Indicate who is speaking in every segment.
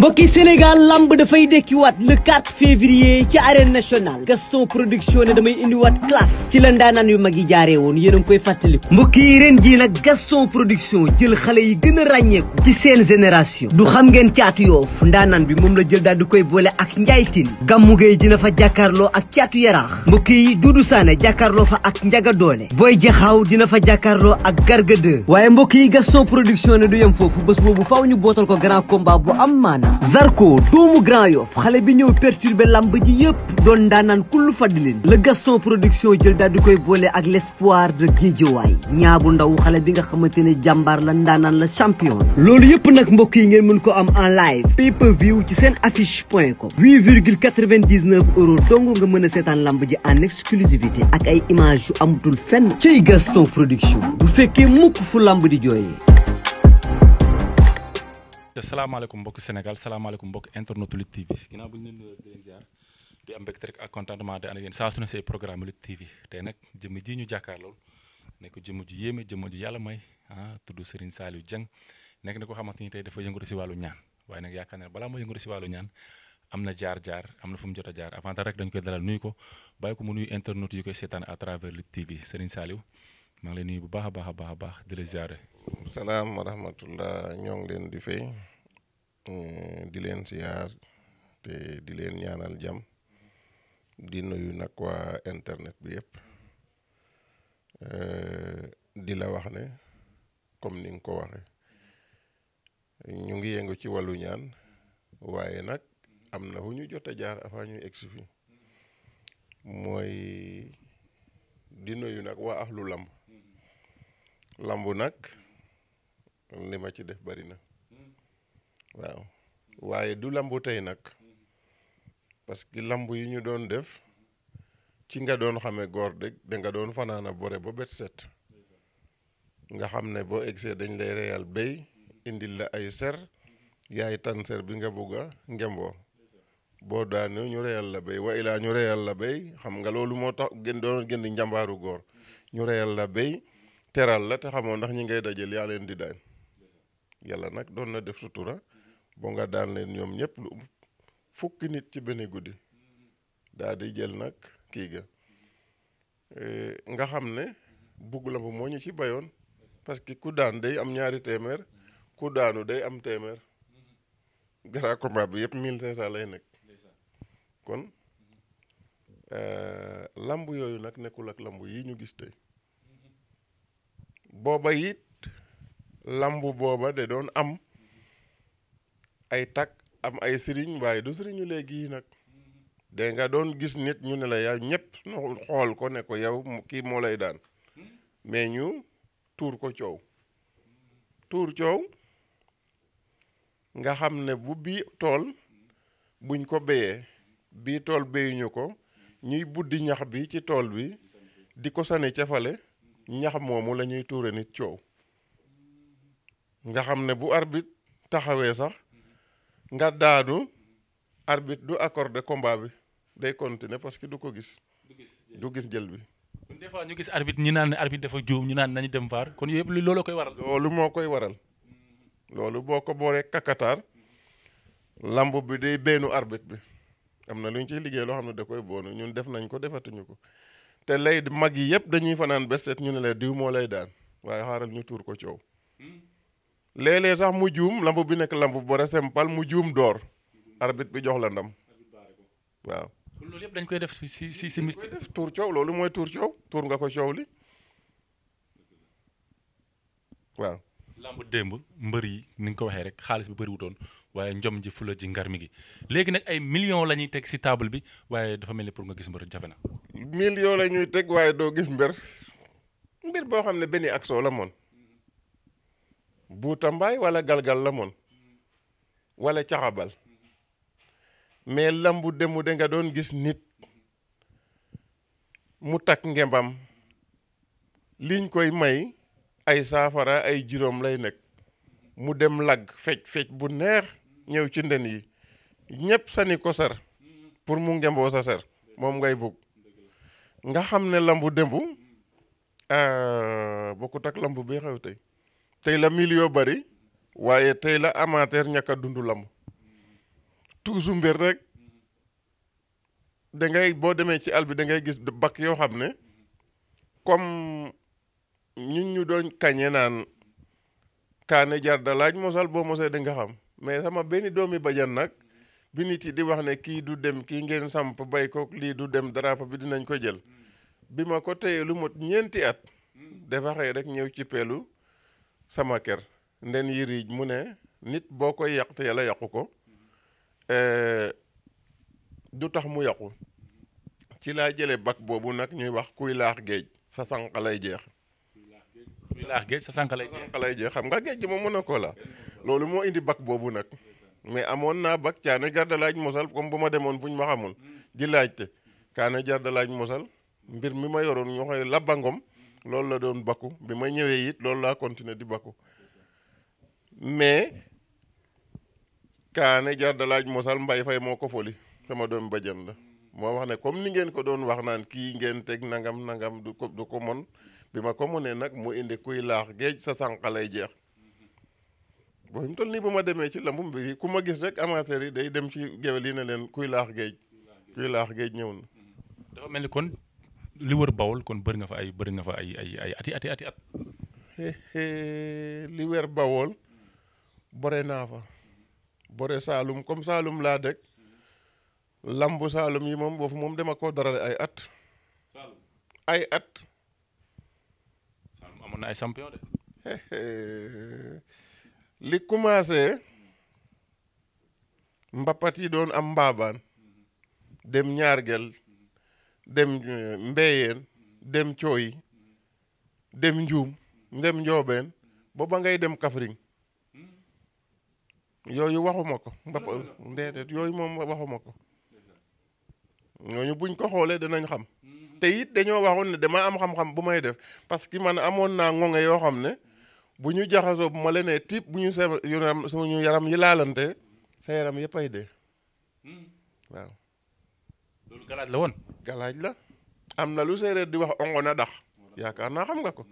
Speaker 1: mbokki Sénégal lamb dafay dekkiwaat le 4 février ci arène national Gaston production ne damay indiwaat claf ci la ndaanaan yu mag yi jaaree woon yéen a koy fàttaliku. mbokki ren jii nag Gaston production jël xale yi gën a ràññeeku ci seen génération du xam ngeen caatu yoof ndaanaan bi moom la jël daal di koy boole ak njaaytin gàmmu gay dina fa jàkkaarloo ak caatu yaraax mbokki yi du Sané jàkkaarloo fa ak njaga doole booy jaxaaw dina fa jàkkaarloo ak garga waaye mbokki yi Gaston production du yem foofu bés boobu faaw ñu bootal ko grand combat bu am maana Zarko doomu Grand Yoff xale bi ñëw perturbé lamb ji yëpp doon daanaan kullu fadilin la Gaston production jël daal di koy boole ak l'espoir de Guédiawaye ñaabu ndaw xale bi nga xamante ne jàmbaar la ndaanaan la champion loolu yëpp nag mbokk yi ngeen mën ko am en live pay per view ci seen affiche point com 8 virgule 99 euros dong nga mën a seetaan lamb ji en exclusivité ak ay image yu amatul fenn ciy Gaston production bu fekkee mukk fu lamb di jooyee
Speaker 2: te salaamaaleykum mbokk Sénégal salaamaaleykum mbokk internet Lutte TV ginnaaw bu ñu leen nuyoo saa su ne say programme Lutte TV tey nag jëmm ji ñu jàkkaarlool nekk jëmm ju yéeme jëmm ju yàlla may ah tudd Serigne Saliou Dieng nekk na ko xamante ni tey dafa yëngatu si wàllu ñaan waaye nag yaakaar naa balaa ma yëngatu si wàllu ñaan am na jaar-jaar am na fu mu jot a jaar avant rek dañ koy dalal nuyu ko bàyyi ko mu nuyu internet yu koy seetaan à travers Lutte TV Serigne saaliw maa ngi lay nuyu bu baax a baax a baax di la ziare.
Speaker 3: salaam wa rahmatullah Eh, di leen siyaar te di leen ñaanal jàmm di nuyu nag waa internet bi yëpp eh, di la wax ne comme ni nga ko waxe ñu ngi yëngu ci wàllu ñaan waaye nag am na fu ñu jot a jaar avant ñuy egsi fi mooy di nuyu nag waa axlu lamb lamb nag li ma ci def bari na waaw waaye du lambu tey nag parce que lambu yi ñu doon def ci nga doon xamee góor dëgg da nga doon fanaana bore ba bët set nga xam ne boo egsee dañ lay reyal béy indil la ay ser yaay tan ser bi nga bugg a ngemboo boo daanoo ñu reyal la béy wa ilaa ñu reyal la béy xam nga loolu moo tax gën doon génn di njàmbaaru góor ñu reyal la béy teral la te xamoo ndax ñi ngay dajale yaa leen di daan yàlla nag doon na def sutura boo nga daan leen ñoom ñëpp lu fukki nit ci benn guddi daa di jël nag kii ga eh, nga xam ne bugg la bu moo ñu ci bayoon parce que ku daan day am ñaari téeméer ku daanu day am téeméer gara combat bi yëpp 1500 lay nekk kon eh, lamb yooyu nag nekkul ak lamb yi ñu gis tey booba it lamb booba de doon am ay takk am ay sëriñ waaye du sëriñu léegi nag dégg nga doon gis nit ñu ne la yaa ñëpp xool ko ne ko yow kii moo lay daan mais ñu tuur ko coow tuur coow nga xam ne bu bii tool buñ ko béyee bii tool béyuñu ko ñuy buddi ñax bi ci tool bi di ko sani cafale ñax moomu lañuy tuure nit coow nga xam ne bu arbit taxawee sax nga daanu arbitre du accordé combat bi day continuer parce que du ko gis. du gis jël bi.
Speaker 2: kon des fois ñu gis arbitre ñi naan ne arbitre dafa juum ñu naan nañu dem vaar kon yëpp looloo koy waral.
Speaker 3: loolu moo koy waral. loolu boo ko booree kakataar lamb bi day bennu arbitre bi am na lu ñu ciy liggéey loo xam ne da koy boonu ñun def nañ ko defatuñu ko te lay mag yi yëpp dañuy fanaan ba set ñu ne la diw moo lay daan waaye xaaral ñu tuur ko coow. Hmm? léeg-léeg sax mu juum lamb bi nekk lamb bu resempal mu juum door arbitre bi jox la ndam waaw. loolu yëpp dañ koy def si si si mystique. def tuur coow loolu mooy tuur coow tuur nga ko coow li
Speaker 2: waaw. lamb démb mbër yi ni nga ko waxee rek xaalis bi bëri waaye njom ji fula ji ngar mi gi léegi nag ay million la ñuy teg si table bi waaye dafa mel ni pour nga gis mbër jafe na.
Speaker 3: millions la ñuy teg waaye doo gis mbër mbir boo xam ne ak soo la moon buutambaay wala galgal lamoon moon wala caxabal mais lambu demu da nga doon gis nit mu takk ngembam liiñ koy may ay saafara ay juróom lay nekk mu dem lag fecc fecc bu neex ñëw ci nden yi ñëpp sani ko sar pour mu ngemboo sa sar moom ngay bugg nga xam ne lambu dembu euh, bokkut ak lambu bi xew tey tey la million bari waaye tey la amateur ñàkk a dund lamb toujours mbir rek da ngay boo demee ci àll bi da ngay gis bakk yoo xam ne comme ñu ñu doon kañe naan kaane jar da laaj mosal boo mosee da nga xam mais sama benn doomi bajan nag bi nit yi di wax ne kii du dem kii ngeen samp bay ko lii du dem drapeau bi dinañ ko jël bi ma ko téye lu mot ñeenti at dafa xëy rek ñëw ci peelu sama kër nden yiriij mu ne nit boo koy yàq te yàlla yàqu ko eh, du tax mu yàqu ci laa jële bag boobu nag ñuy wax kuy laax géej sa sànq lay jeex
Speaker 2: kuy laax sa sànq
Speaker 3: lay jeex xam nga géej gi moom mën na ko la loolu moo indi bag boobu nag mais amoon naa bag caane jardalaaj mosal comme bu ma demoon fu ñu ma xamul di laajte kaane jardalaaj mosal mbir mi ma yoroon ñoo koy labangom loolu la doon bakku bi ma ñëwee it loolu laa continuer di bakku mais kaane jar dalaaj mosal mbay fay moo ko foli sama doom bajan la moo wax ne comme ni ngeen ko doon wax naan kii ngeen teg nangam nangam du ko du ko mon bi ma ko mënee nag mu indi kuy laax géej sa sànqalay jeex boo mu toll nii bu ma demee ci lambu mbir ku ma gis rek amateurs yi day dem ci géwél yi ne leen kuy laax géej kuy laax géej ñëw na
Speaker 2: dafa li wër bawol kon bëri nga fa ay bëri nga fa ay ay ay ati ati ati at.
Speaker 3: li bawol bore naa fa bore Saalum comme Saalum laa dëkk lambu Saalum yi moom boofu moom dama koo darale ay at. ay at. ay champion li commencé mbapat yi doon am mbaabaan dem ñaar gel dem eh, Mbeyeen dem Cooy dem Njuum dem Njoobeen ba ba ngay dem Kaffrine yooyu waxuma ko ba yooyu moom waxuma ko ñooñu buñ ko xoolee danañ xam te it dañoo waxoon ne dama am xam-xam bu may def parce que man amoon naa ŋoŋe yoo xam ne bu ñu jaxasoo bu ma lenee tip bu ñu seen yaram suñu yaram yi laalante sa yaram yëpp ay dee hmm. waaw. loolu woon. galaaj la am na lu séeréer di wax ongo na dax yaakaar naa xam nga ko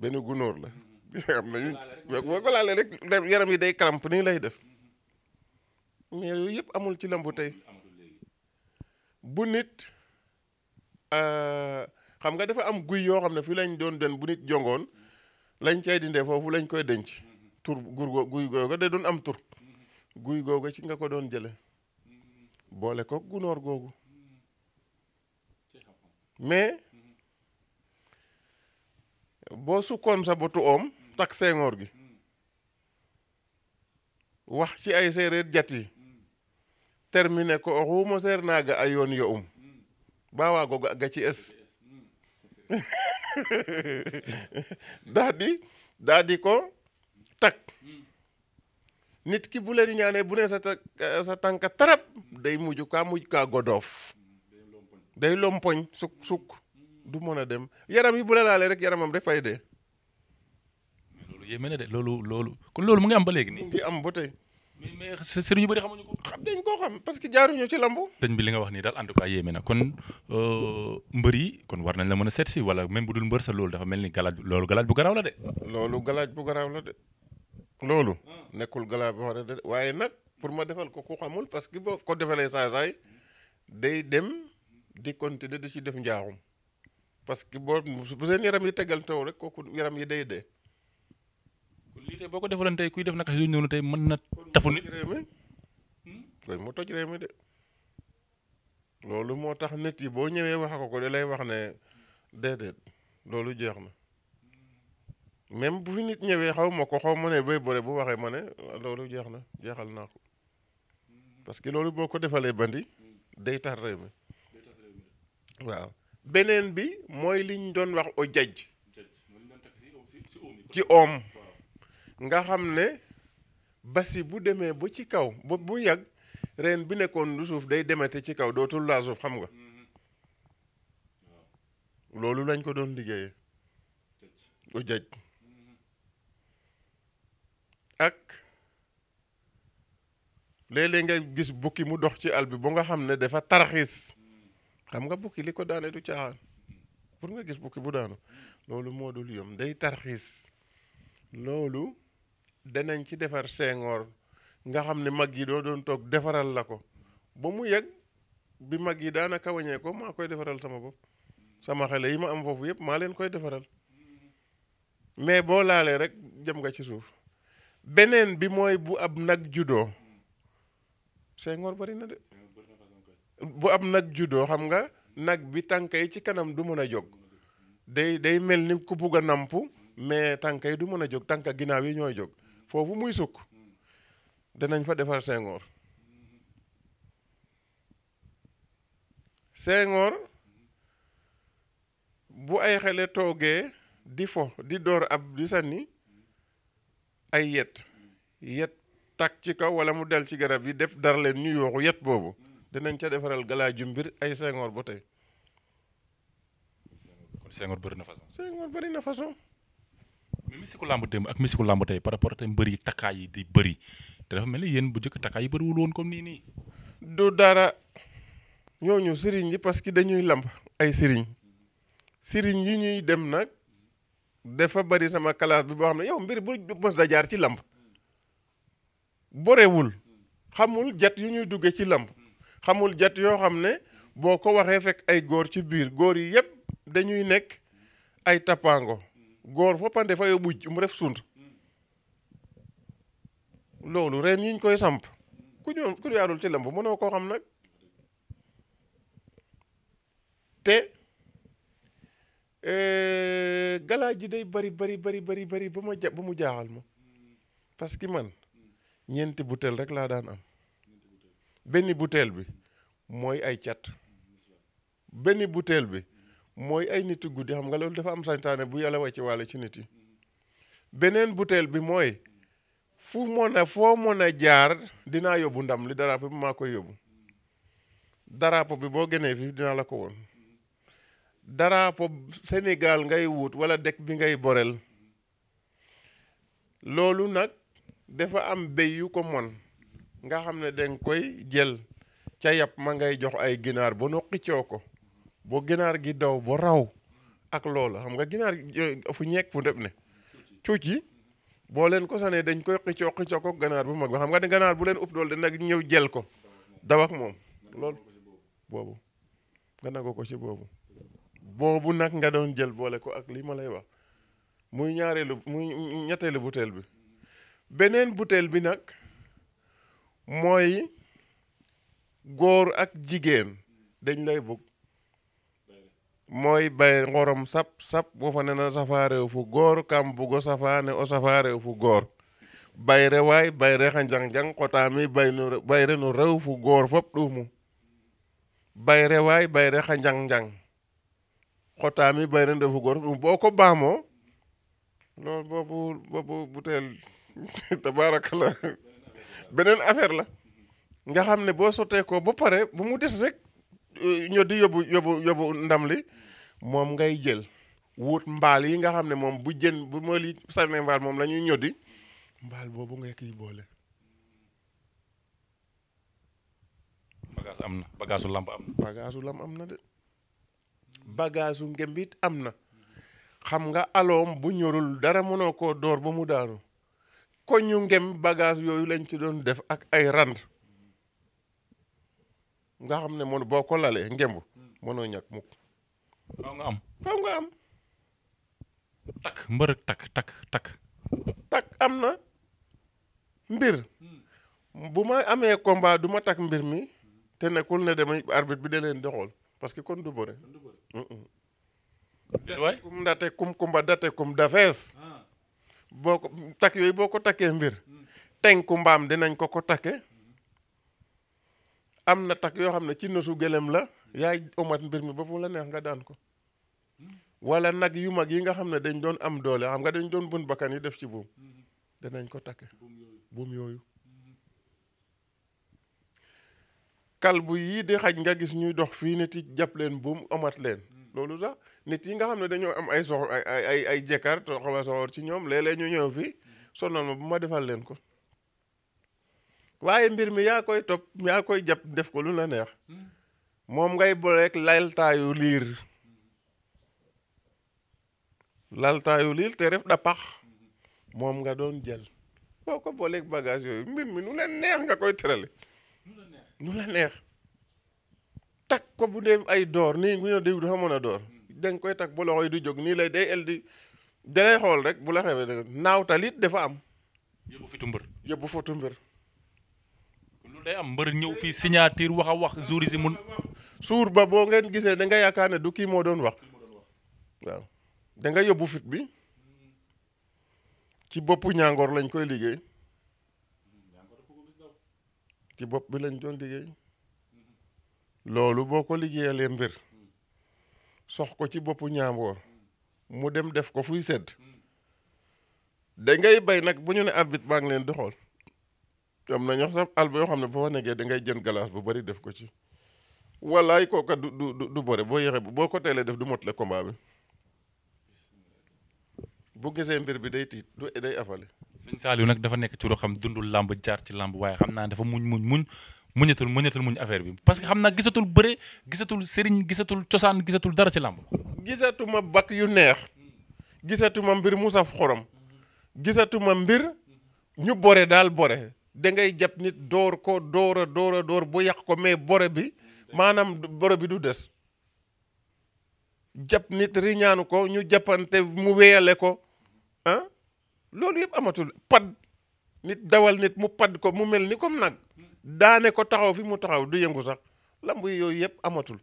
Speaker 3: benn gunóor la am nañu boo ko laalee rek yaram yi day cramp nii lay def mais yooyu yëpp amul ci lambu tey bu nit euh, xam nga dafa am guy yoo xam ne fii lañ doon den bu nit jongoon lañ cay dindee foofu lañ koy denc tur gur guy googa da doon am tur guy googa ci nga ko doon jële boole ko gunóor googu mais boo sukkoon sa botu om tak seengoor gi wax ci ay séeréer jat termine terminer ko oxuuma seer naaga a yoon yo um. ba waago ga gaci es daa di ko tak nit ki bu leen ñaanee bu ne sa sa tarab day mujj kaa mujj kaa godoof day lompoñ suk suk du mën a dem yaram yi bu la laalee rek yaramam rek fay de
Speaker 2: loolu yéeme na de loolu loolu kon loolu mu ngi am ba léegi
Speaker 3: nii. mu ngi am ba tey. mais mais sëriñ yu bëri xamuñu ko. xam dañ koo xam parce que jaaruñu ci lambu.
Speaker 2: teñ bi li nga wax ni daal en tout cas na kon euh, mbër yi kon war nañ la mën a seet si wala même bu dul mbër sa loolu dafa mel ni galaaj loolu galaaj bu garaaw la de.
Speaker 3: loolu galaaj bu garaaw la loolu. nekkul galaaj bu garaaw la waaye nag pour ma defal ko ku xamul parce que boo ko defalee saa saay day dem. di continuer di ci def njaaxum parce que boo bu seen yaram yi tegal taw rek kooku yaram yi day dee.
Speaker 2: kon boo ko defaloon kuy def naka si suñu tey mën na. tafu nit kon
Speaker 3: hmm? moo toj réew mi de. loolu moo tax nit yi boo ñëwee wax ko ko da lay wax ne déedéet jeex na même bu fi nit ñëwee xaw ko xaw ma ne bay waxee ma ne loolu jeex na jeexal naa ko parce que loolu boo ko defalee bandi day tax réew mi waaw beneen bi mooy liñ doon wax au jaj ci oom nga xam ne basi bu demee ba ci kaw ba bu yàgg reen bi nekkoon lu suuf day demete ci kaw dootul laa suuf xam nga loolu lañ ko doon liggéeyee au jaj ak léeg-léeg nga gis bukki mu dox ci àll bi bu nga xam ne dafa taraxiis xam nga bukki li ko daane du caaxaan pour nga gis bukki bu daanu loolu moo dul yom day tarxiis loolu danañ ci defar sengoor nga xam ne mag yi doo doon toog defaral la ko ba mu yegg bi mag yi daanaka wañee ko maa koy defaral sama bopp sama xele yi ma am foofu yëpp maa leen koy defaral mais boo laalee rek jëm nga ci suuf beneen bi mooy bu ab nag juddoo sengoor bari na de bu am nag juddoo xam nga nag bi tànk yi ci kanam du mën a jóg day day mel ni ku bugg a nampu mais tànk yi du mën a jóg tànk ginnaaw yi ñooy jóg foofu muy sukk danañ fa defar Senghor Senghor bu ay xale toogee di fo di door ab di sànni ay yet yet tak ci kaw wala mu dal ci garab yi def dara leen ñu yooxu yet boobu dinañ ca defaral galaaju mbir ay Senghor ba tey. kon Senghor na façon. Senghor bëri na façon. mais misiku
Speaker 2: ak misiku làmb tey par rapport te mbër yi takkaay yi
Speaker 3: di bëri te dafa mel ni yéen bu jëkk takkaay yi bëriwul woon comme nii nii. du dara ñooñu sëriñ yi parce que dañuy lamb ay sëriñ sëriñ yi ñuy dem nag defa bari sama classe bi boo xam ne yow mbir bu mos da jaar ci lamb borewul xamul jat yu ñuy duggee ci lamb xamul jat yoo xam ne boo ko waxee fekk ay góor ci biir góor yi yëpp dañuy nekk ay tappango góor foppande fa yo buj mu ref sunt loolu reen yiñ koy samp ku ñoom ku yaarul ci lamb mënoo koo xam nag te eh, galaa ji day bari bari bari bari bari ba mu jaaxal ma parce que man ñeenti butel rek laa daan am benn butéel bi mooy ay cat benn butéel bi mooy ay nit guddi xam nga loolu dafa am santaane bu yàlla wàcce wàlla ci nit yi beneen butéel bi mooy fu mën a foo mën a jaar dinaa yóbbu ndam li daraapo bi maa koy yóbbu daraapo bi boo génnee fii dinaa la ko woon daraapo Sénégal ngay wut wala dëkk bi ngay borel loolu nag dafa am béy yu ko mon nga xam ne danga koy jël ca yàpp ma ngay jox ay ginaar ba nu xiccoo ko boo ginaar gi daw ba raw ak loola xam nga ginaar eh, fu ñekk fu ndeb ne cuuc yi boo leen ko sanee dañ koy xiccoo xiccoo ko ganaar bu mag ba xam nga ne ganaar bu leen upp dool de nag ñëw jël ko daw ak moom boobu ko ci boobu boobu nag nga doon jël boole ko ak lii ma lay wax muy ñaareelu muy ñetteelu butéel bi beneen butéel bi nag mooy góor ak jigéen dañ lay bugg mooy bay ngorom sap sap wo fa nena safaare fu góor kam bugo safaane o safaare fu góor bayre waay bayre xa jang jang xotaami baynu bayre nu rew fu góor fop ɗumu bayre waay bayre xa jang jang xotaami bayre nu rew fu góor fop ɗumu boo ko baamoo loolu boobu boobu bu teel beneen affaire la nga xam ne boo sottee ko ba pare bu mu des rek euh, ñoo di yóbbu yóbbu ndam li moom ngay jël wut mbaal yi nga xam ne moom bu jën bu ma li sànnee mbaal moom la ñuy ñoddi mbaal boobu ngay kiy boole.
Speaker 2: am na bagaasu lamb am
Speaker 3: na. bagaasu am na de bagaasu ngembit am na xam nga aloom bu ñorul dara mënoo ko door ba mu daanu. ko ñu ngem bagage yooyu lañ ci doon def ak ay rand nga xam ne moom boo ko lalee ngemb mënoo ñàkk mukk faw nga am faw nga am tak mbër ak takk am na mbir bu ma amee combat du ma takk mbir mi te nekkul ne damay arbitre bi da leen di xool parce que kon du bëre kum ndate kum kumba date kum dafees ah. boo ko takk yooyu boo ko takkee mbir tenku mbaam dinañ ko ko takke am na takk yoo xam ne ci nosu gëlëm la yaay omat mbir mi ba fu la neex nga daan ko walla nag yu mag yi nga xam ne dañ doon am doole xam nga dañ doon bun bakkan yi def ci buum danañ ko takke buum yooyu kalbu yii di xaj nga gis ñuy dox fii nit yi jàpp leen buum omat leen loolu sax nit yi nga xam ne dañoo am ay soxor ay ay ay ay jëkkër te xaw ci ñoom léeg-léeg ñu ñëw fii sonal ma bu ma defal leen ko waaye mbir mi yaa koy topp yaa koy jàpp def ko lu la neex moom ngay boole rek yu liir laltaayu liir te ref da pax moom nga doon jël boo ko booleeg bagage yooyu mbir mi nu la neex nga koy tërale nu la neex takk ko bu dee ay door nii bu ñu diw du xamoon a door danga koy takk bu loxo yi du jog nii lay day el di xool rek bu la xewee da naawtalit dafa am. mbër yóbbu fotu mbër. lu day am mbër ñëw fii signature wax a wax jour si mun. suur ba boo ngeen gisee da nga yaakaar ne du kii moo doon wax waaw da nga yóbbu fit bi ci boppu ñàngoor lañ koy liggéey ci bopp bi lañ doon liggéey. loolu boo ko liggéeyalee mbir sox ko ci boppu ñaamboor mu dem def ko fuy sedd da ngay bay nag bu ñu ne arbitre baa ngi leen di xool am na ñox sax alba yoo xam ne boo fa nekkee da ngay jën galaas bu bari def ko ci wallaay kooka du du du bëre boo bu boo ko teelee def du la combat bi bu gisee mbir bi day tiit du day afale
Speaker 2: sëñ Saliou nag dafa nekk ci loo xam dundul làmb jaar ci làmb waaye xam naa dafa muñ muñ muñ muñatul muñatul muñ affaire bi parce que xam na gisatul
Speaker 3: bëre gisatul sëriñ gisatul cosaan gisatul dara ci làmb gisatuma bakk yu neex gisatuma mbir mu saf xorom gisatuma mbir ñu bore daal bore dangay jàpp nit door ko door a door a door bu yàq ko mais bore bi maanaam bore bi du des jàpp nit riñaanu ko ñu jàppante mu weyale ko ah? loolu yëpp amatul pad nit dawal nit mu pad ko mu mel ni comme nag daane ko taxaw fi mu taxaw du yëngu sax lamb yooyu yëpp amatul.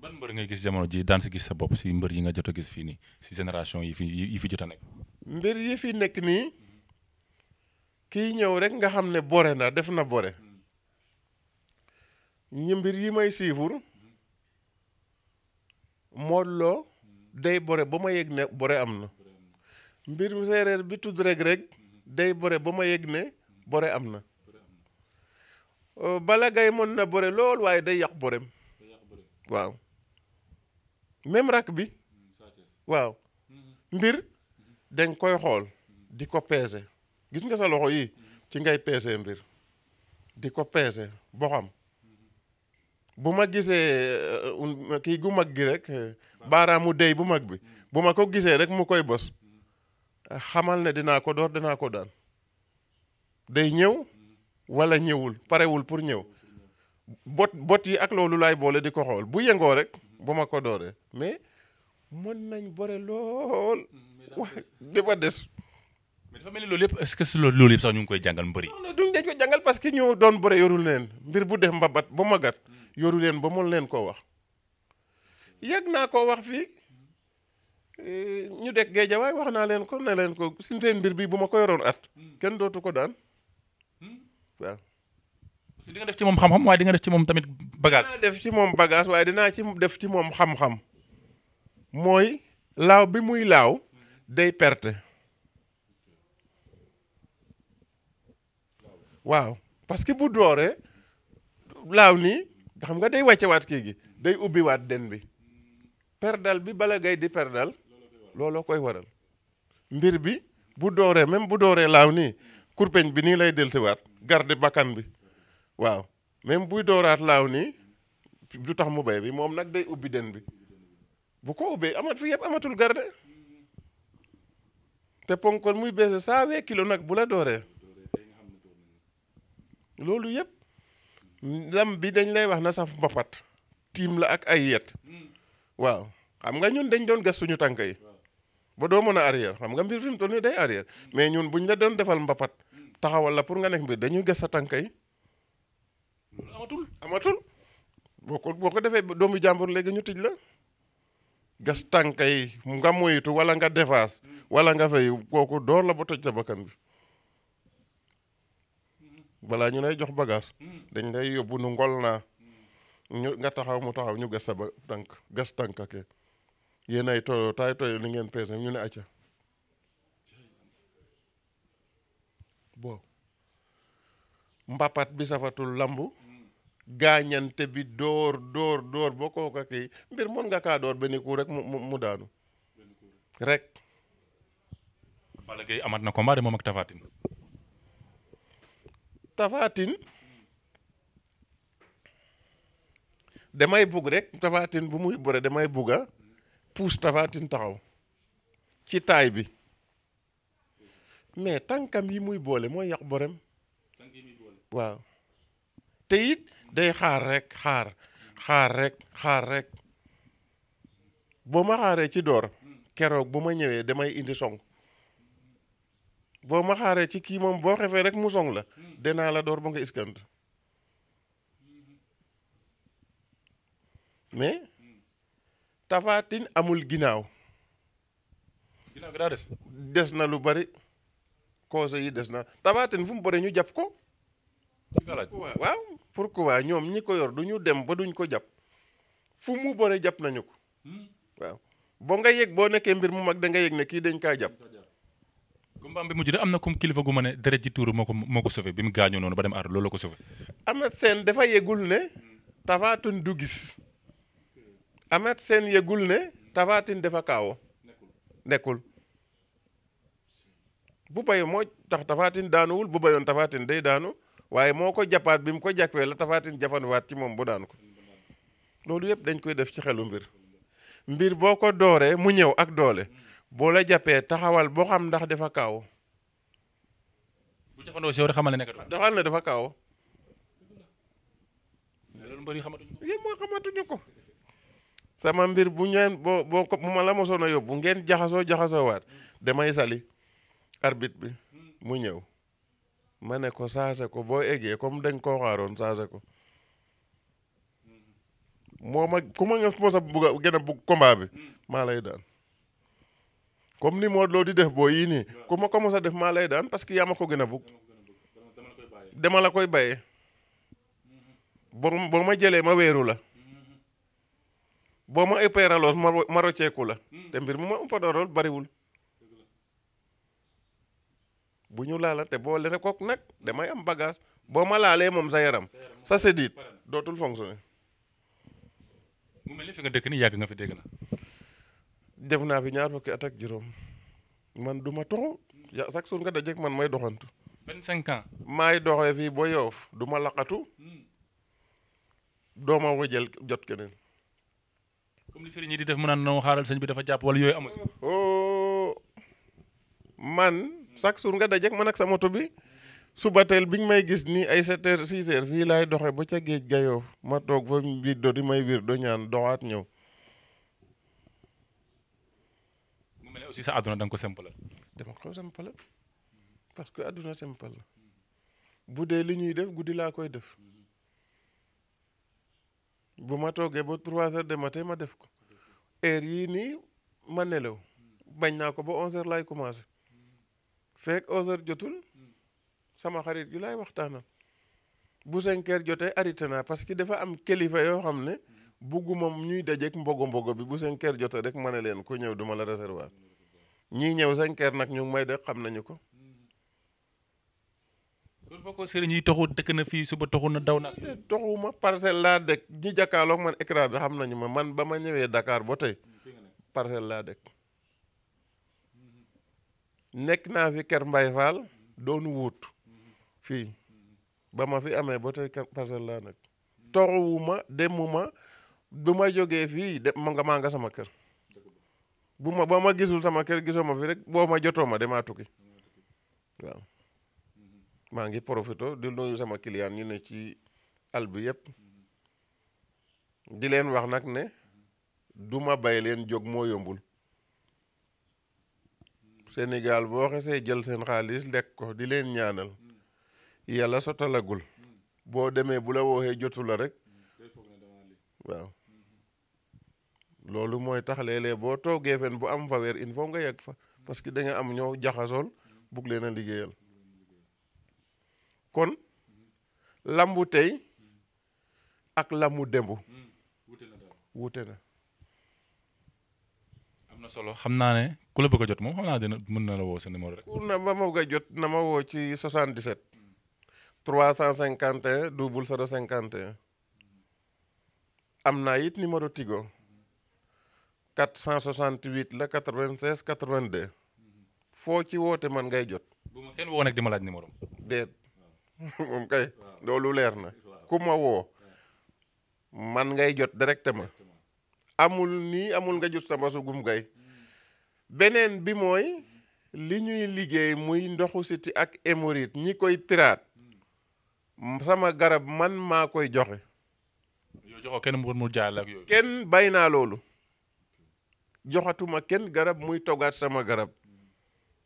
Speaker 2: ban mbër nga gis jamono ji daan si gis sa bopp si mbër yi nga jot a gis fii nii si génération yi fi yi fi jot a nekk.
Speaker 3: mbër yi fi nekk nii kii ñëw rek nga xam ne bore na def na bore ñi mbir yi may siifur mooloo day bore ba ma yëg ne bore am na mbir séeréer bi tudd rek rek day bore ba ma yëg ne bore am na. Euh, bala Gaye mën na bore lool waaye day yàq bëreem waaw même rak bi mm, waaw mm-hmm. mbir mm-hmm. dañ koy xool di ko peese gis nga sa loxo yi mm-hmm. ci ngay peese mbir di ko peese boo bu ma gisee euh, kii gu mag gi rek euh, baaraamu dey bu mag bi bu ma ko gisee rek mu koy bos xamal ne dinaa ko door dinaa ko daan day ñëw wala ñëwul parewul pour ñëw bot bot yi ak loolu laay boole di ko xool bu yëngoo rek bu ma ko dooree mais mën nañ bore lool wax di des mais dafa mel ni loolu yëpp sax ñu
Speaker 2: ngi koy jàngal mbëri
Speaker 3: non duñ dañ ko jàngal parce que ñoo doon bore yorul leen mbir bu def mbabat ba magat yoru leen ba mën leen koo wax yàgg naa koo wax fii eh, ñu dekk géejawaay wax naa leen ko ne leen ko suñ seen mbir bi bu ma ko yoroon at kenn dootu ko daan waaw. di nga def ci moom xam-xam waaye di nga def ci moom tamit bagage. dinaa ci moom bagage waaye dinaa ci def ci moom xam-xam mooy laaw bi muy laaw day perte. waaw parce que bu dooree laaw nii xam nga day wàccewaat kii gi day ubbiwaat den bi perdal bi bala ngay di perdal looloo koy waral mbir bi bu dooree même bu dooree laaw nii kurpeñ bi nii lay dellusiwaat garde bakkan bi waaw même buy dooraat laaw nii du tax mu bay bi moom nag day ubbi den bi bu ko ubbee amat fi yëpp amatul garde te ponkon muy beese saa wee kilo nag bu la dooree loolu yëpp lam bi dañ lay wax na saf mbapat tiim la ak ay yet mm. waaw xam nga ñun dañ doon gas suñu tànk yi ba doo mën a xam nga mbir fi mu toll nii day arrière mais ñun buñ la doon defal mbapat taxawal la pour nga nekk mbir dañuy ges sa tànk yi amatul amatul boo ko boo ko defee jàmbur léegi ñu tij la gas tànk yi nga moytu wala nga defaas wala nga fay kooku door la ba toj sa bi balaa ñu nay jox bagage dañ lay yóbbu nu ngol na ñu nga taxaw mu taxaw ñu gas sa ba tànk ke yéen ay toyo taay toyo li ngeen peese ñu ne acca bon mbapat bi safatul lambu gaañante bi door door door ba kooka kii mbir mën nga kaa door benn coup rek mu mu daanu rek.
Speaker 2: Balla amat na combat de moom ak Tapha Tine.
Speaker 3: Tapha Tine damay bugg rek Tapha Tine bu muy bëre damay bugga puus Tapha Tine taxaw ci taay bi mais tànkam yi muy boole mooy yàq borem waaw te it day xaar rek xaar xaar rek xaar rek boo ma xaaree ci door keroog bu ma ñëwee damay indi song boo ma xaaree ci kii moom boo xefee rek mu song la danaa la door ba nga iskant mm-hmm. mais Tafatin amul ginnaaw. ginnaaw gi des. des na lu bari conseils yi des na Tafatin fu mu bari ñu jàpp ko. waaw pourquoi ñoom ñi ko yor du ñu dem ba duñ ko jàpp fu mu bari jàpp nañu ko. Hmm? waaw boo nga yëg boo nekkee mbir mu mag da nga yëg ne kii dañ kaa jàpp.
Speaker 2: combat bi mujj de am na comme kilifa gu ma ne deret ji tuuru moo ko moo ko sauvé bi mu gaañoo noonu ba dem aar loolu ko sauvé.
Speaker 3: Ama Sène dafa yëgul ne. Tafatin du gis. Amet seen yëgul ne Tapha dafa kaawo nekkul bu bayo moo tax Tapha daanuwul bu bayoon Tapha day daanu waaye moo ko jàppaat bi mu ko jàppee la Tapha Tine waat ci moom bu daan ko loolu yëpp dañ koy def ci xelu mbir mbir boo ko dooree mu ñëw ak doole boo la jàppee taxawal boo xam ndax dafa kaawo
Speaker 2: bu jafandoo si yow xamal ne nekkatul dafa kaawo loolu mbër
Speaker 3: yi ko sama mbir bu ñaan boo boo ko bu ma la mosoon a yóbbu ngeen jaxasoo jaxasoo waat demay sali arbitre bi mu ñëw ma ne ko saase ko boo eggee comme dañ koo xaaroon saase ko moo ma ku ma nga mos a bugg a gën a bugg bi maa lay daan comme ni moo loo di def boo yii nii ku ma ko mos a def maa lay daan parce que yaa ma ko gën a bugg dama la koy bàyyee boo ma jëlee ma weeru la boo ma ëppee raloos ma ma la te mbir mu ma ëpp doorool bariwul bu ñu laala te boo leen kook nag damay am bagage boo ma laalee moom sa yaram sa séddiit dootul fonctionner.
Speaker 2: mu nga dëkk nii nga fi dégg na.
Speaker 3: def naa fi ñaar fukki at ak juróom man du ma toxu ya chaque jour nga dajeeg man may doxantu. 25 ans. maay doxee fii boo Yoff du ma laqatu. Hmm. doo ma wëjal jot keneen.
Speaker 2: comme li sëriñ yi def mu naan non xaaral sëñ bi dafa jàpp wala yooyu amu si.
Speaker 3: Oh, man chaque jour nga dajeeg ma ak sa moto bi suba teel biñ may gis ni ay 7 heures 6 heures fii laay doxee ba ca géej gayoof ma toog fa biir do di may biir do ñaan doxaat ñëw.
Speaker 2: mu ne aussi sa àdduna da
Speaker 3: nga parce que àdduna simple la bu dee li ñuy def guddi laa koy def. bu ma toogee ba trois heures de matin ma def ko heure yii nii ma nelaw bañ naa ko ba onze heures laay commencé fekk onze jotul sama xarit yu laay waxtaanal bu cinq heures jotee arrêté naa parce que dafa am kilifa yoo xam ne bugguma ñuy dajeek mbogo mbogo bi bu cinq heures jotee rek ma ne leen ku ñëw duma la réservoir ñii ñëw cinq nag ñu may de xam nañu ko
Speaker 2: loolu boo ko sëriñ yi toxu dëkk na fii suba toxu na daw na.
Speaker 3: toxu ma parcelle laa dëkk ñi jàkkaarloog man écran bi xam nañu ma man ba ma ñëwee dakaar ba tey parcelle laa dëkk nekk naa fi ker Mbaye Fall doon wut fii ba ma fi amee ba tey parcelle laa nag toxuwuma demuma bu ma jógee fii de ma nga maa nga sama kër bu ma ba ma gisul sama kër gisoo ma fi rek boo ma jotoo ma damaa tukki waaw. maa ngi profito di nuyu sama client ñu ne ci àll bi yëpp di leen wax nag ne duma bay leen jóg moo yombul Sénégal boo xesee jël seen xaalis lekk ko di leen ñaanal yàlla sotalagul boo demee bu la wooxee jotula rek waaw loolu mooy tax léeg boo toogee fen bu am fa weer in foo nga yegg fa parce que da am ñoo jaxasool bugg leen a liggéeyal kon lambu tey ak lambu démb wuute na. am na solo xam
Speaker 2: naa ne ku la bëgg a jot moom xam naa dina mën na la woo sa numéro rek.
Speaker 3: pour na ba ma bëgg a jot na ma woo ci 77. 351 double 051. am naa it numéro Tigo. 468 la 96 82. foo ci woote man ngay jot. bu ma woo nag di ma laaj numéro. moom kay loolu leer na ku ma woo man ngay jot directement amul nii amul nga jot sama su gay beneen bi mooy li ñuy liggéey muy ndoxu siti ak hémorroïde ñi koy tiraat sama garab man maa koy joxe.
Speaker 2: yow joxoo kenn mu jaay ak
Speaker 3: kenn bay naa loolu joxatuma kenn garab muy togaat sama garab.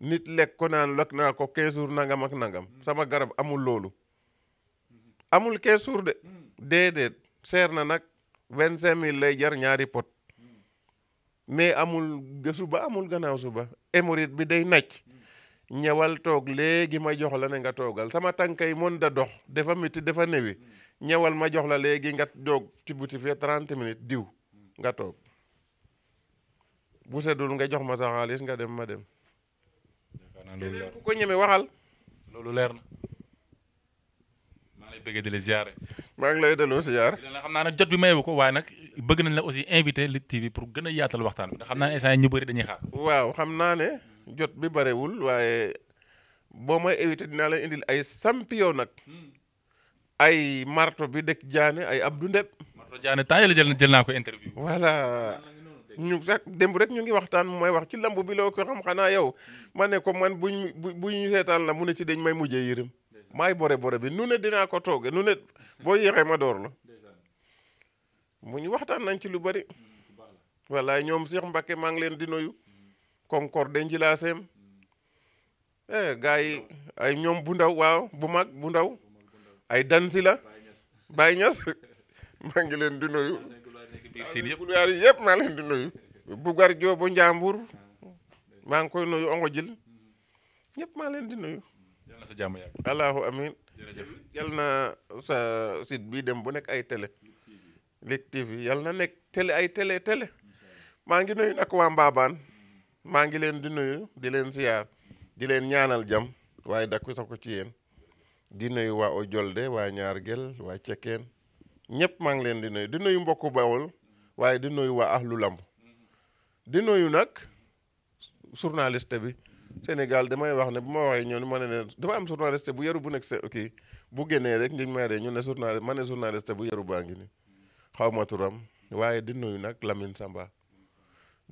Speaker 3: nit lekk ko naan lekk naa ko 15 jours nangam ak nangam hmm. sama garab amul loolu amul 15 jours de hmm. déedéet seer na nag 25000 lay jar ñaari pot hmm. mais amul suba amul gannaaw suba émorite bi day nacc ñëwal toog léegi ma jox la ne nga toogal sama tànkay mën da dox defa métti dafa newi ñëwal ma jox la léegi nga doog ci buti fee 30 minutes diw nga toog bu seddul nga jox ma sa nga dem ma dem. keneen ku ko ñeme waxal. loolu leer na.
Speaker 2: maa ngi lay bëgg di la ziare.
Speaker 3: maa ngi lay delloo ziar.
Speaker 2: xam naa nag jot bi mayewu ko waaye nag bëgg na la aussi invité lit TV pour gën a yaatal waxtaan bi ndax xam naa ne instant yi ñu bëri dañuy
Speaker 3: waaw xam naa ne jot bi barewul waaye boo may invité dinaa la indil ay champion nag. Hmm. ay marto bi dëkk jaane ay Abdou Ndeb.
Speaker 2: marto jaane temps yële jël naa ko interview.
Speaker 3: voilà. ñu sax démb rek ñu ngi waxtaan mooy wax ci lamb bi loo ko xam xanaa yow mm. ma ne ko man buñ bu ñu seetaan la mu ne ci dañ may mujjee yërëm may bore bore bi nu ne dinaa ko tooge nu ne boo yéexee ma door la mu ñu waxtaan nañ ci lu bari mm, wallaay ñoom Cheikh Mbacke maa ngi leen di nuyu mm. Concorde njilaa seem eh gars ay ñoom bu ndaw waaw bu mag bu ndaw ay dansi la Baye Niass maa ngi leen di nuyu biir siin yëpp bulwaar yi yëpp leen di bugar joobu njàmbur maa ngi koy nuyu ongo jil maa leen di nuyu sa jàmm yàgg allahu amin jërëjëf sa site bi dem bu nekk ay télé Lig TV yal na nekk télé ay télé télé maa ngi nuyu nag waa mbaabaan maa ngi leen di nuyu di leen siyaar di leen ñaanal jàmm waaye dakku ko ci yéen di nuyu waa Ojolde waa ñaar gel Cekeen ñëpp maa ngi leen di nuyu di nuyu mbokku Bawol waaye di nuyu waa ahlu lam di nuyu nag journaliste bi Sénégal damay wax ne bu ma waxee ñoom ma ne ne dafa am journaliste bu yaru bu nekk sa kii bu génnee rek ngiñ may ree ñu ne journaliste ma ne journaliste bu yaru baa ngi ni xawma ma turam waaye di nuyu nag lamin Samba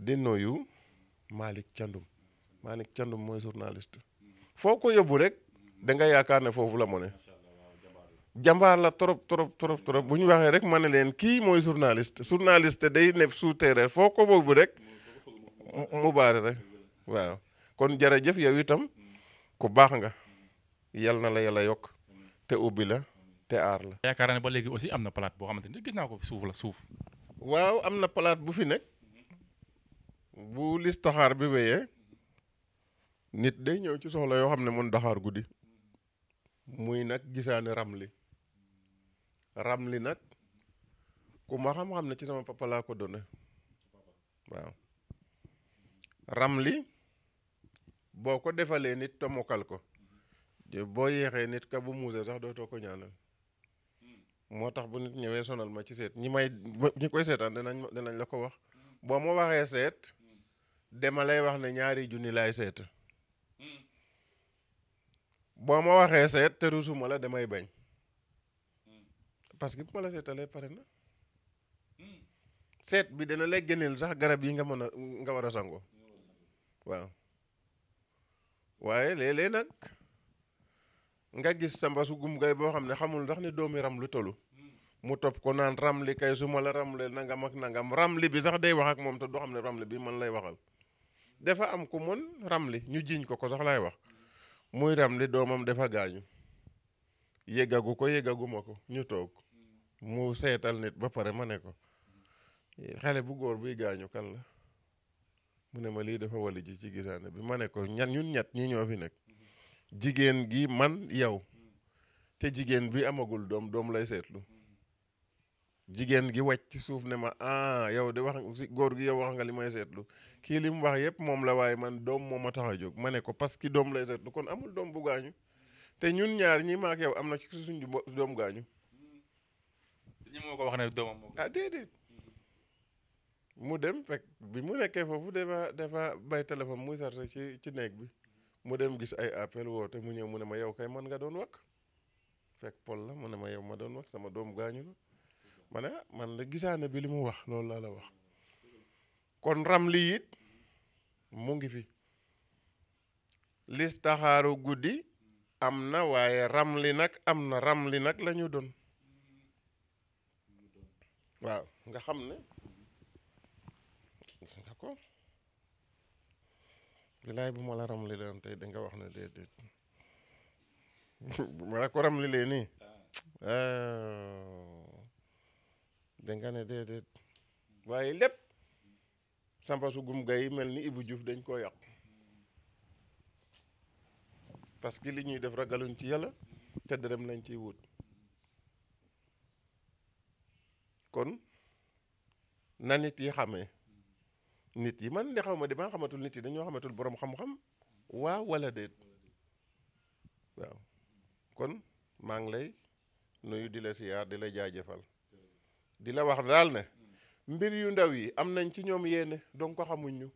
Speaker 3: di nuyu Malick Thiandoum Malick Thiandoum mooy journaliste foo ko yóbbu rek da yaakaar ne foofu la mu jàmbaar la trop trop trop trop bu ñu waxee rek ma ne leen kii mooy journaliste journaliste day suuf souterrain foo ko boobu rek mu baare rek waaw kon jërëjëf yow itam ku baax nga yal na la yàlla yokk te ubbi la te aar la.
Speaker 2: yaakaar ba léegi aussi am na palaat boo xamante ne gis naa ko
Speaker 3: suuf la suuf. waaw am na palaat bu fi nekk bu lis taxaar bi wéyee nit day ñëw ci soxla yoo xam ne mun daxaar guddi muy nag gisaane ramli Ramly nag ku ma xam-xam ne ci sama papa laa ko donné waaw Ramly boo ko defalee nit te mokkal ko boo yeexee nit ka bu muusee sax dootoo ko ñaana moo tax bu nit ñëwee sonal ma ci seet ñi may koy seetaan danañ danañ la ko wax boo ma waxee seet dama lay wax ne ñaari junni lay seet hmm. boo ma waxee seet te rusuma la damay bañ parce que bu ma la seetalee pare na seet bi dana lay génneel sax garab yi nga mën a nga war a sangoo waaw waaye léeg-léeg nag nga gis sa mbasu gum gay boo xam ne xamul ndax ne doomi ram lu tollu mu topp ko naan ram li kay su ma la ramle nangam ak nangam ram bi sax day wax ak moom te doo xam ne ram li bi man lay waxal dafa am ku mën ram li ñu jiiñ ko ko sax lay wax muy ram li doomam dafa gaañu yëggagu ko yëggaguma ko ñu toog mu seetal nit ba pare ma ne ko xale bu góor buy gaañu kan la mu ne ma lii defa wali ji ci gisaane bi ma ne ko ñan ñun ñett ñi ñoo fi nekk jigéen gi man yow te jigéen bi amagul doom doom lay seetlu jigéen gi wàcc ci suuf ne ma ah yow de wax si góor gi yow wax nga li may seetlu kii li mu wax yëpp moom la waaye man doom moo ma tax a jóg ma ne ko parce que doom lay seetlu kon amul doom bu gaañu te ñun ñaar ñi maak yow am na ci suñu doom gaañu
Speaker 2: ñi ma ko wax ne doomam
Speaker 3: moom. Ah, mu dem fekk bi mu nekkee foofu dafa defa bay téléphone muy chargé ci ci néeg bi mu dem gis ay appel woote mu ñëw mu ne ma yow kay man nga doon wakk fekk pol la mu ne ma yow ma doon wax sama doom gaañu la ma ne ah, man la gisaane bi li mu wax loolu laa la wax kon ram lii it mu ngi fi lis taxaaru guddi am na waaye ram li nag am na ram li nag lañu doon waaw nga xam ne gis nga ko bilaay bu ma la ram li leen tey danga wax ne déedéet bu ma la ko ram li leen nii danga ne déedéet waaye lépp sampa su gum gay yi mel ni ibu juuf dañ koo yàq parce que li ñuy def ragaluñ ci yàlla te dërëm lañ ciy wut kon na nit yi xamee nit yi man de xaw ma damaa xamatul nit yi dañoo xamatul boroom xam-xam waaw wala déet waaw kon maa ngi lay nuyu di la siyaar di la jaajëfal di la wax daal ne mbir yu ndaw yi am nañ ci ñoom yéene donc xamuñu xamuñ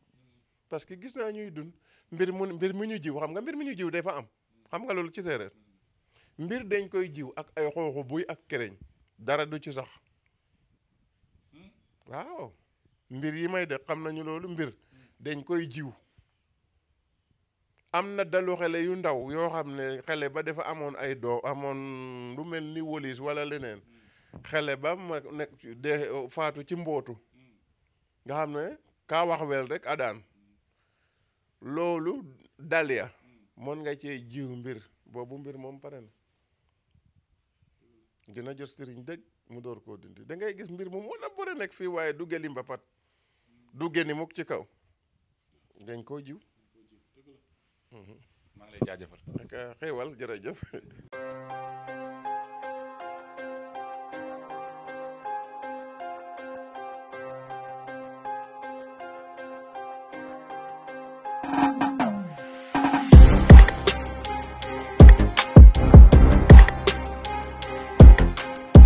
Speaker 3: parce que gis naa ñuy dund mbir mu mbir mu ñu jiw xam nga mbir mu ñu jiw fa am xam nga loolu ci séeréer mbir dañ koy jiw ak ay xooxu buy ak kereñ dara du ci sax waaw mbir yi may def xam nañu loolu mbir dañ koy jiw am na dalu xale yu ndaw yoo xam ne xele ba dafa amoon ay doo amoon lu mel ni wolis walla leneen xele ba ma nekk de faatu ci mbootu nga xam ne kaa wax wel rek adaan loolu dal ya mën nga cee jiw mbir boobu mbir moom pare na dina jot sëriñ dëgg mu door koo dindi da ngay gis mbir mu mën a bëri nekk fii waaye du gëli mbapat du génni mukk ci kaw dañ koo jiw mhm. maa ngi lay jaajëfal jërëjëf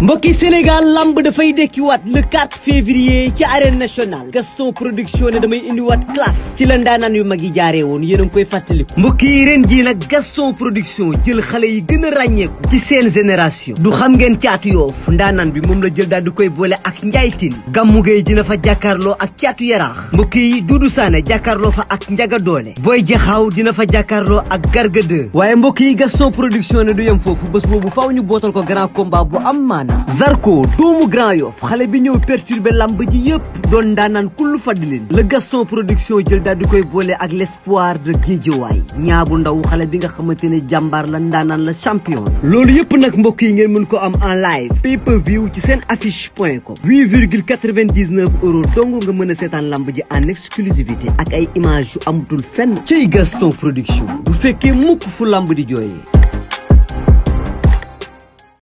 Speaker 1: mbokki Sénégal lamb dafay dekkiwaat le 4 février ci arène national Gaston production ne damay indiwaat claf ci la ndaanaan yu mag yi jaaree woon yéen a koy fàttaliku mbokk ren jii nag Gaston production jël xale yi gën a ràññeeku ci seen génération du xam ngeen caatu yoof ndaanaan bi moom la jël daal di koy boole ak njaaytin gàmmugéey dina fa jàkkaarloo ak caatu yaraax mbokki yi Doudou Sané jàkkaarloo fa ak njaga doole booy jaxaaw dina fa jàkkaarloo ak garga waaye mbokk yi Gaston production du yem foofu bés boobu faaw ñu bootal ko grand combat bu am maana Zarko doomu Grand Yoff xale bi ñëw perturbé lamb ji yëpp doon ndaanaan kullu fadlin la Gaston production jël daal di koy boole ak l'espoir de Guédiawaye ñaabu ndaw xale bi nga xamante ne jàmbaar la ndaanaan la champion la loolu yëpp nag mbokk yi ngeen mën ko am en live pay per view ci seen affiche point com 8 virgule 99 euros dong nga mën a seetaan lamb ji en exclusivité ak ay image yu amatul fenn ciy Gaston production bu fekkee mukk fu lamb di jooyee